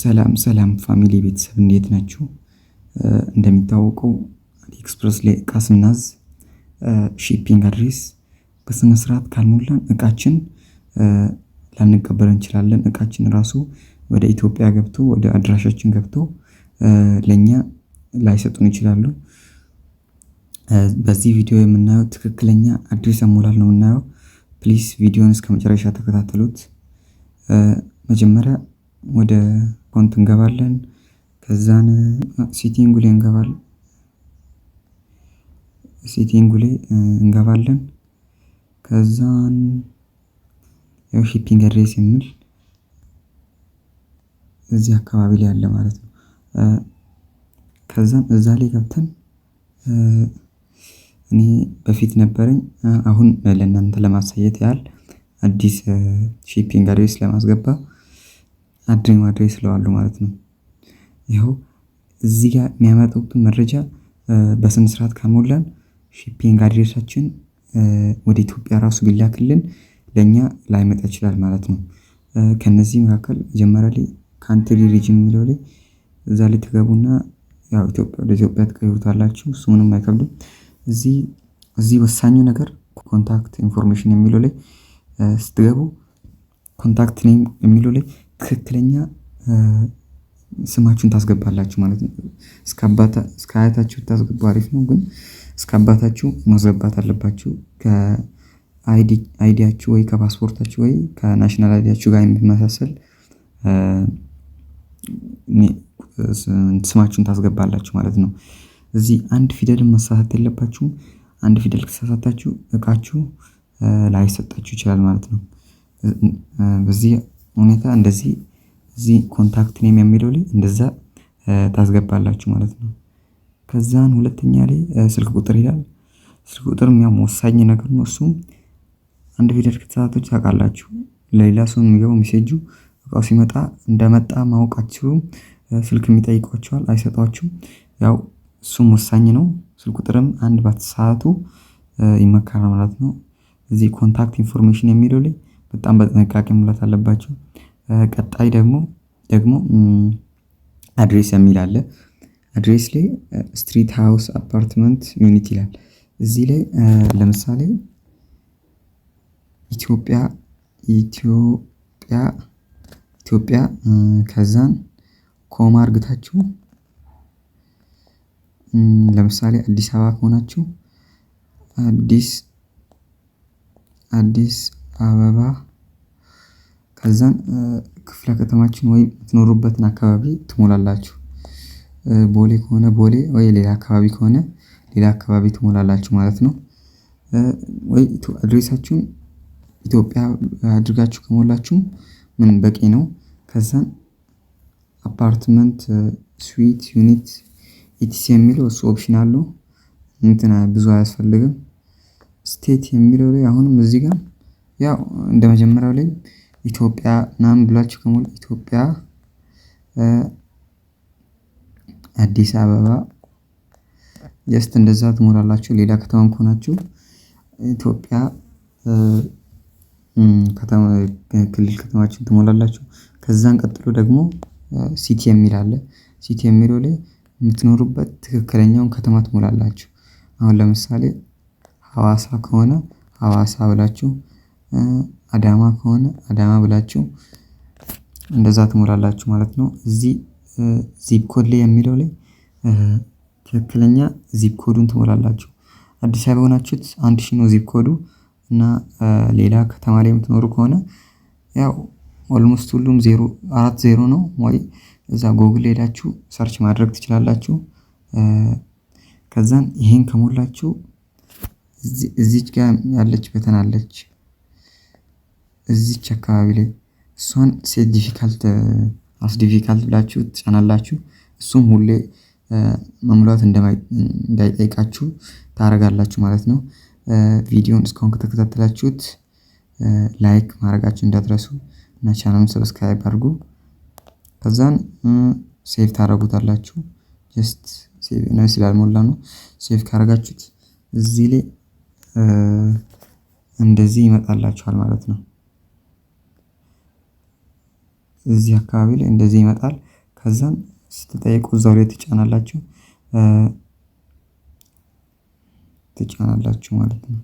ሰላም ሰላም ፋሚሊ ቤተሰብ እንዴት ናችሁ? እንደሚታወቀው ኤክስፕረስ ላይ እቃ ስናዝ ሺፒንግ አድሬስ በስነስርዓት ካልሞላን እቃችን ላንቀበል እንችላለን። እቃችን ራሱ ወደ ኢትዮጵያ ገብቶ ወደ አድራሻችን ገብቶ ለእኛ ላይሰጡን ይችላሉ። በዚህ ቪዲዮ የምናየው ትክክለኛ አድሬስ አሞላል ነው የምናየው። ፕሊስ ቪዲዮን እስከ መጨረሻ ተከታተሉት። መጀመሪያ ወደ ኮንት እንገባለን። ከዛን ሲቲንግ ጉሌ እንገባለን። ሲቲንግ ጉሌ እንገባለን። ከዛን ያው ሺፒንግ አድሬስ የሚል እዚህ አካባቢ ላይ አለ ማለት ነው። ከዛን እዛ ላይ ገብተን እኔ በፊት ነበረኝ አሁን ለእናንተ ለማሳየት ያህል አዲስ ሺፒንግ አድሬስ ለማስገባ አድሬ ማድሬ ስለዋሉ ማለት ነው። ይኸው እዚህ ጋር የሚያመጡት መረጃ በስነ ስርዓት ካሞላን ሺፒንግ አድሬሳችን ወደ ኢትዮጵያ ራሱ ቢላክልን ለእኛ ላይመጣ ይችላል ማለት ነው። ከነዚህ መካከል መጀመሪያ ላይ ካንትሪ ሪጅን የሚለው ላይ እዛ ላይ ትገቡና ያው ኢትዮጵያ ወደ ኢትዮጵያ ትቀይሩታላችሁ። እሱ ምንም አይከብድም። እዚህ እዚህ ወሳኙ ነገር ኮንታክት ኢንፎርሜሽን የሚለው ላይ ስትገቡ ኮንታክት ኔም የሚለው ላይ ትክክለኛ ስማችሁን ታስገባላችሁ ማለት ነው። እስከ አያታችሁ ታስገቡ አሪፍ ነው፣ ግን እስከ አባታችሁ ማስገባት አለባችሁ። ከአይዲያችሁ ወይ ከፓስፖርታችሁ ወይ ከናሽናል አይዲያችሁ ጋር የሚመሳሰል ስማችሁን ታስገባላችሁ ማለት ነው። እዚህ አንድ ፊደልን መሳሳት የለባችሁም። አንድ ፊደል ከተሳሳታችሁ እቃችሁ ላይሰጣችሁ ይችላል ማለት ነው። በዚህ ሁኔታ እንደዚህ እዚህ ኮንታክት ኔም የሚለው ላይ እንደዛ ታስገባላችሁ ማለት ነው። ከዛን ሁለተኛ ላይ ስልክ ቁጥር ይላል። ስልክ ቁጥር ያም ወሳኝ ነገር ነው። እሱም አንድ ፊደል ከተሳሳታችሁ ታውቃላችሁ። ለሌላ ሰው የሚገባው ሜሴጁ እቃው ሲመጣ እንደመጣ ማወቃችሁ ስልክ የሚጠይቋቸዋል፣ አይሰጧችሁም። ያው እሱም ወሳኝ ነው። ስልክ ቁጥርም አንድ ባትሳቱ ይመከራል ማለት ነው። እዚህ ኮንታክት ኢንፎርሜሽን የሚለው ላይ በጣም በጥንቃቄ መሙላት አለባቸው። ቀጣይ ደግሞ ደግሞ አድሬስ የሚል አለ። አድሬስ ላይ ስትሪት ሃውስ አፓርትመንት ዩኒት ይላል። እዚህ ላይ ለምሳሌ ኢትዮጵያ ኢትዮጵያ ኢትዮጵያ ከዛን ኮማ እርግታችሁ ለምሳሌ አዲስ አበባ ከሆናችሁ አዲስ አዲስ አበባ ከዛን ክፍለ ከተማችን ወይ የምትኖሩበትን አካባቢ ትሞላላችሁ። ቦሌ ከሆነ ቦሌ ወይ ሌላ አካባቢ ከሆነ ሌላ አካባቢ ትሞላላችሁ ማለት ነው። ወይ አድሬሳችሁን ኢትዮጵያ አድርጋችሁ ከሞላችሁ ምን በቂ ነው። ከዛን አፓርትመንት ስዊት ዩኒት ኢቲሲ የሚለው እሱ ኦፕሽን አለው እንትን ብዙ አያስፈልግም። ስቴት የሚለው ላይ አሁንም እዚህ ጋር ያው እንደመጀመሪያው ላይ ኢትዮጵያ ምናምን ብላችሁ ከሞላ ኢትዮጵያ አዲስ አበባ ጀስት እንደዛ ትሞላላችሁ። ሌላ ከተማም ከሆናችሁ ኢትዮጵያ ክልል ከተማችን ትሞላላችሁ። ከዛን ቀጥሎ ደግሞ ሲቲ የሚል አለ። ሲቲ የሚለው ላይ የምትኖሩበት ትክክለኛውን ከተማ ትሞላላችሁ። አሁን ለምሳሌ ሀዋሳ ከሆነ ሀዋሳ ብላችሁ አዳማ ከሆነ አዳማ ብላችሁ እንደዛ ትሞላላችሁ ማለት ነው። እዚህ ዚፕ ኮድ ላይ የሚለው ላይ ትክክለኛ ዚፕ ኮዱን ትሞላላችሁ። አዲስ አበባ ሆናችሁት አንድ ሺ ነው ዚፕ ኮዱ እና ሌላ ከተማ ላይ የምትኖሩ ከሆነ ያው ኦልሞስት ሁሉም ዜሮ አራት ዜሮ ነው ወይ እዛ ጎግል ሄዳችሁ ሰርች ማድረግ ትችላላችሁ። ከዛን ይሄን ከሞላችሁ እዚች ጋር ያለች ፈተና አለች። እዚች አካባቢ ላይ እሷን ሴት ዲፊካልት አስ ዲፊካልት ብላችሁ ትጫናላችሁ። እሱም ሁሌ መሙላት እንዳይጠይቃችሁ ታደርጋላችሁ ማለት ነው። ቪዲዮን እስካሁን ከተከታተላችሁት ላይክ ማድረጋችሁ እንዳትረሱ እና ቻናሉን ሰብስክራይብ አድርጉ። ከዛን ሴቭ ታደርጉታላችሁ። ጀስት ሴቭ ነው ስላልሞላ ነው። ሴቭ ካደረጋችሁት እዚህ ላይ እንደዚህ ይመጣላችኋል ማለት ነው። እዚህ አካባቢ ላይ እንደዚህ ይመጣል። ከዛን ስትጠይቁ እዛው ላይ ትጫናላችሁ ትጫናላችሁ ማለት ነው።